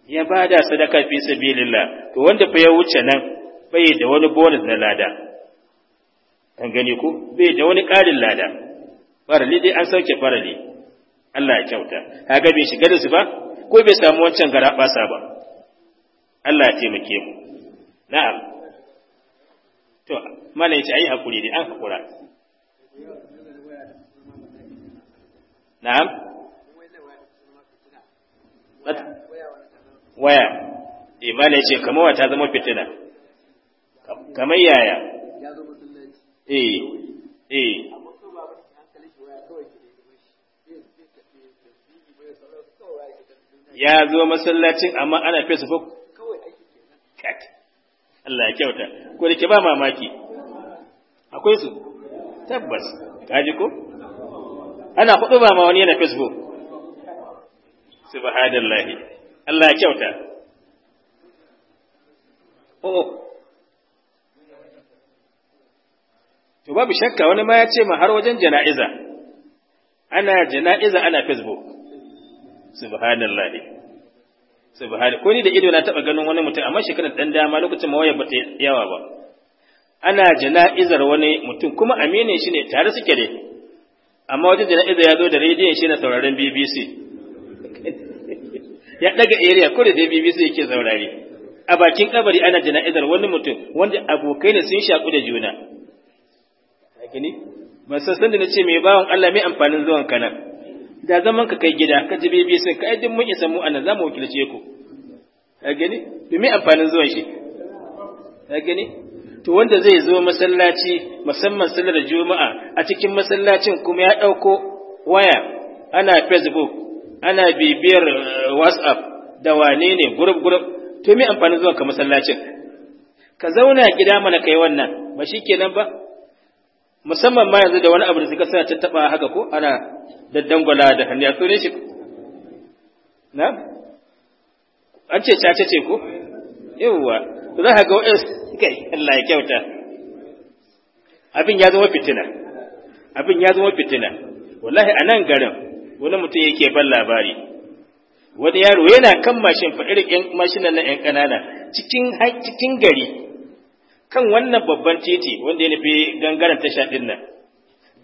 ya ba da sadaka fi sabilillah to wanda fa ya wuce nan bai da wani bonus na lada an gani ku bai da wani ƙarin lada farali dai an sauke farali Allah ya kyauta haka bai shiga da su ba ko bai samu wancan gara basa ba Allah ya taimake mu na'am to malai ce ayi hakuri dai an hakura na'am waya imani eh, ce kamar wata zama fitina kamar yaya eh eh ya zo masallacin amma ana fesa fa Allah ya kyauta ko da ke ba mamaki akwai su tabbas kaji ko ana kudu ba ma wani yana facebook subhanallahi Allah ya kyauta oh, oh. To babu shakka wani ma ya ce ma har wajen jana'iza, ana jana'iza ana Facebook, subhanallah Subhanallah, ko ni da ido na taɓa ganin wani mutum amma shekarar ɗan dama lokacin waya ba ta yawa ba. Ana jana'izar wani mutum kuma aminin shi ne tare suke ne, amma wajen jana'iza ya zo da rediyon shi na sauraron BBC. ya ɗaga area ko da BBC yake saurare. A bakin kabari ana jana'izar wani mutum wanda abokai ne sun shaƙu da juna. gani ban san na ce mai bawan Allah mai amfanin zuwan ka nan da zaman ka kai gida ka ji bibi sai kai duk mun isa mu anan zamu wakilce ku ka gani da mai amfanin zuwan shi gani to wanda zai zo masallaci musamman sallar juma'a a cikin masallacin kuma ya dauko waya ana facebook ana bibiyar eh, whatsapp da wane ne gurub gurub to mai amfanin zuwan ka masallacin ka zauna gida mana kai wannan ba shi kenan ba musamman ma yanzu da wani abu da suka suna tattaɓa haka ko ana daddangwala da hanya so ne shi na an ce cace ce ko yawwa za ka ga waɗansu kai Allah ya kyauta abin ya zama fitina abin ya zama fitina wallahi a nan garin wani mutum yake ban labari wani yaro yana kan mashin fa irin mashinan na 'yan ƙanana cikin cikin gari kan wannan babban titi wanda ya nufi gangaren tasha ɗin nan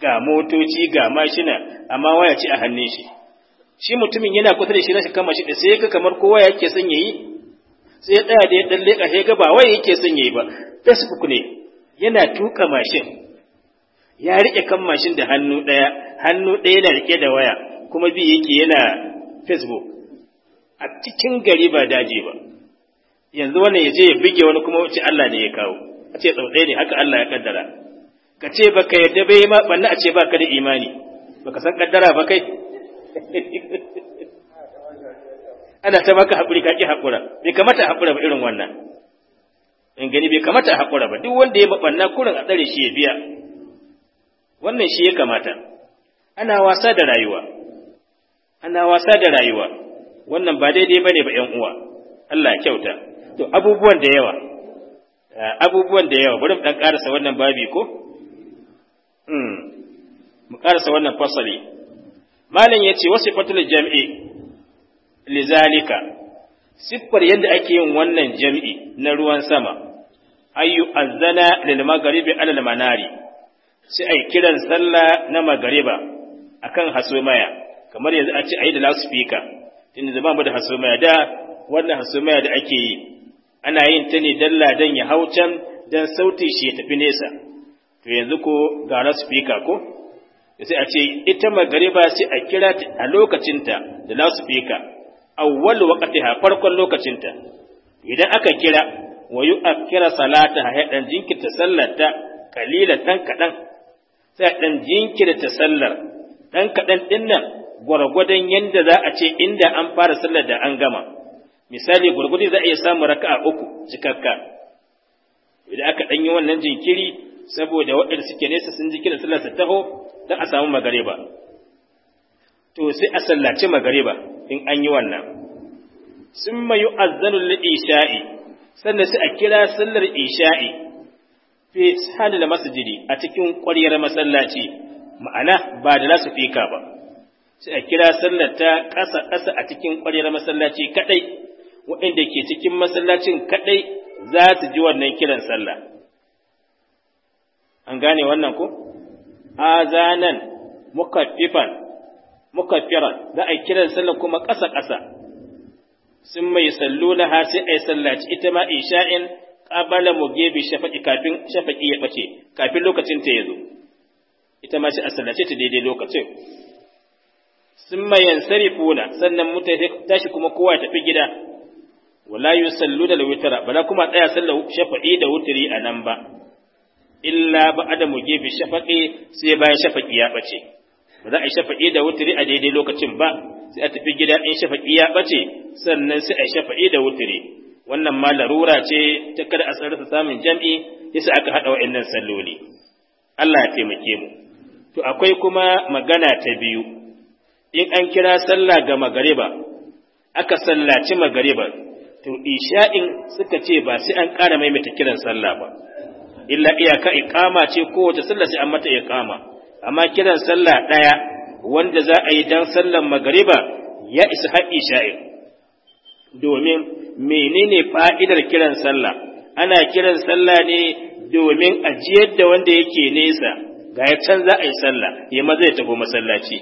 ga motoci ga mashina amma waya ce a hannun shi shi mutumin yana kusa da shi rashin kama shi da sai ka kamar kowa yake son yayi sai ya tsaya da ya ɗan leƙa sai ga ba wai yake son yayi ba facebook ne yana tuka mashin ya riƙe kan mashin da hannu ɗaya hannu ɗaya yana riƙe da waya kuma bi yake yana facebook a cikin gari ba daji ba yanzu wannan ya je ya buge wani kuma wuce Allah ne ya kawo a ce tsautsaye ne haka Allah ya kaddara ka ce baka yarda bai ma banna a ce ka da imani baka san kaddara ba kai ana ta maka haƙuri ka ƙi haƙura bai kamata haƙura ba irin wannan in gani bai kamata haƙura ba duk wanda ya maɓanna kurin a tsare shi ya biya wannan shi ya kamata ana wasa da rayuwa ana wasa da rayuwa wannan ba daidai ba ne ba ƴan uwa Allah ya kyauta to abubuwan da yawa Eh, abubuwan da yawa bari mu dan karasa wannan babi ko hmm. mu karasa wannan fasali malam yace wasifatul jam'i lizalika siffar yadda ake yin wannan jam'i na ruwan sama ayu azana lil magharibi ala manari sai ai kiran sallah na magariba akan hasumaya kamar yanzu a ce ayi da loudspeaker tunda zama mu da hasumaya da wannan hasumaya da ake yi ana yin ta ne dan ladan ya hau can dan sautin shi ya tafi nesa to yanzu ko gara speaker ko sai a ce ita magariba sai a kira ta a lokacinta da loudspeaker awwal ha farkon lokacinta idan aka kira wa yu'akkira salata ya dan jinkirta sallarta kalilan dan kadan sai dan jinkirta sallar dan kadan din nan gwargwadon yanda za a ce inda an fara sallar da an gama misali gurgudi za a iya samu raka'a uku cikakka idan aka ɗanyi wannan jinkiri saboda waɗanda suke nesa sun ji kiran sallar su taho don a samu magareba. to sai a sallaci magareba, in an yi wannan sun mayu azzanul isha'i sannan sai a kira sallar isha'i fi halil masjidi a cikin ƙwaryar masallaci ma'ana ba da lasu fika ba sai a kira sallar ta ƙasa ƙasa a cikin ƙwaryar masallaci kaɗai waɗanda ke cikin masallacin kaɗai za su ji wannan kiran sallah. An gane wannan ko? Azanan mukaffifan, mukaffiran, za a kiran sallah kuma ƙasa-ƙasa, sun mai sallu na sai a yi sallaci ita ma isha'in ƙabala mu gebe shafaƙi kafin shafaƙi ya ɓace, kafin lokacin ta ya zo. Ita ma shi a sallace ta daidai lokacin. Sun mayan sarifuna sannan mutane tashi kuma kowa ya tafi gida wala yusallu da witra ba kuma tsaya sallar shafa'i da wutri a nan ba illa ba adamu gefe shafaqi sai bayan shafaqi ya bace ba za a shafa'i da wutri a daidai lokacin ba sai a tafi gida in shafaqi ya bace sannan sai a shafa'i da wutri wannan ma larura ce ta kada a tsarasa samun jam'i yasa aka hada wa'annan salloli Allah ya taimake mu to akwai kuma magana ta biyu in an kira sallah ga magariba aka sallaci magariba to isha'in suka ce ba sai an ƙara maimaita kiran sallah ba illa iyaka iqama ce kowace sallah sai an mata iqama amma kiran sallah ɗaya wanda za a yi dan sallar magariba ya isa har isha'in domin menene fa'idar kiran sallah ana kiran sallah ne domin ajiyar da wanda yake nesa ga ya can za a yi sallah ya maza ya tafi masallaci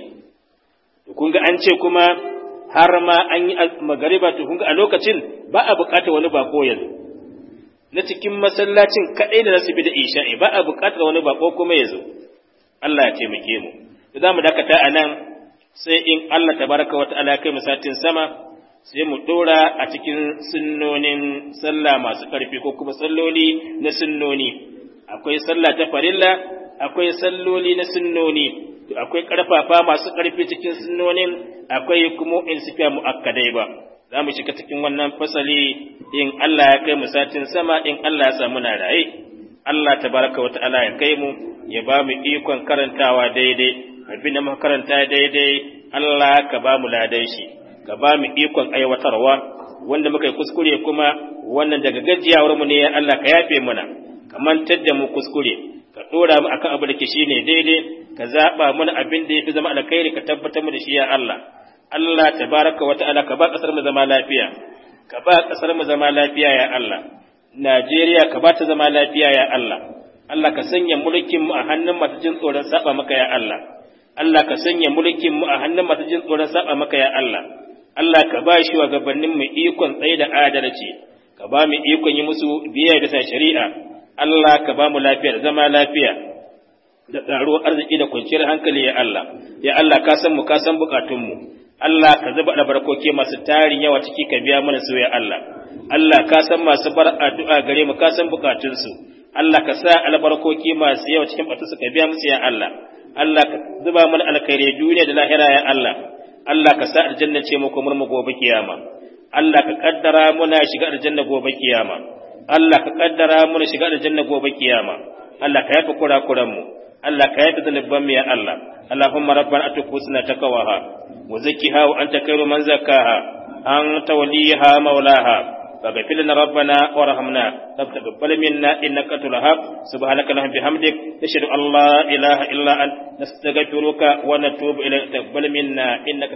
kun ga an ce kuma har ma an yi magariba to kun ga a lokacin ba a buƙatar wani bako yanzu, na cikin masallacin kaɗai da nasu bi da isha'i ba a buƙatar wani bako kuma yanzu. Allah ya taimake mu da za mu dakata a nan sai in Allah tabaraka wa ta'ala kai misatin sama sai mu dora a cikin sunnonin sallah masu ƙarfi ko kuma salloli na sunnoni akwai sallah ta farilla akwai salloli na sunnoni to akwai karfafa masu karfi cikin sunnonin akwai kuma in sifa muakkadai ba za mu shiga cikin wannan fasali in Allah ya kai mu satin sama in Allah ya samu na raye Allah tabaraka wa ta'ala ya kai mu ya ba mu ikon karantawa daidai abin da muka karanta daidai Allah ka ba mu ladan shi ka ba mu ikon aiwatarwa wanda muka yi kuskure kuma wannan daga gajiyawar mu ne Allah ka yafe mana ka mantar da mu kuskure ka dora mu akan abu da ke shine daidai ka zaba mana abin da yafi zama alkhairi ka tabbatar mu da shi ya Allah Allah tabaraka wa ta'ala ka ba kasar mu zama lafiya ka ba kasar mu zama lafiya ya Allah Najeriya ka ba ta zama lafiya ya Allah Allah ka sanya mulkin mu a hannun masu jin tsoron saba maka ya Allah Allah ka sanya mulkin mu a hannun masu jin tsoron saba maka ya Allah Allah ka ba shi wa gabanin mu ikon tsaye da adalci ka ba mu ikon yi musu biyayya da shari'a Allah ka ba mu lafiya da zama lafiya da tsaro arziki da kwanciyar hankali ya Allah ya Allah ka san mu ka san bukatunmu Allah ka zuba da barkoki masu tarin yawa ciki ka biya mana su ya Allah Allah ka san masu bar addu'a gare mu ka san bukatunsu Allah ka sa albarkoki masu yawa cikin batunsu ka biya musu ya Allah Allah ka zuba mana alkhairi duniya da lahira ya Allah Allah ka sa aljanna ce mu kuma mu gobe kiyama Allah ka kaddara muna shiga aljanna gobe kiyama Allah ka kaddara mu shiga aljanna gobe kiyama Allah ka yafa kuran mu Allah ka yafa zanubban mu ya Allah Allahumma rabbana atu husna taqwaha wa zakkiha wa anta khairu man zakkaha anta waliha maulaha فاغفر لنا ربنا وارحمنا وتقبل منا انك انت الوهاب سبحانك اللهم بحمدك نشهد ان لا اله الا انت نستغفرك ونتوب اليك تقبل منا انك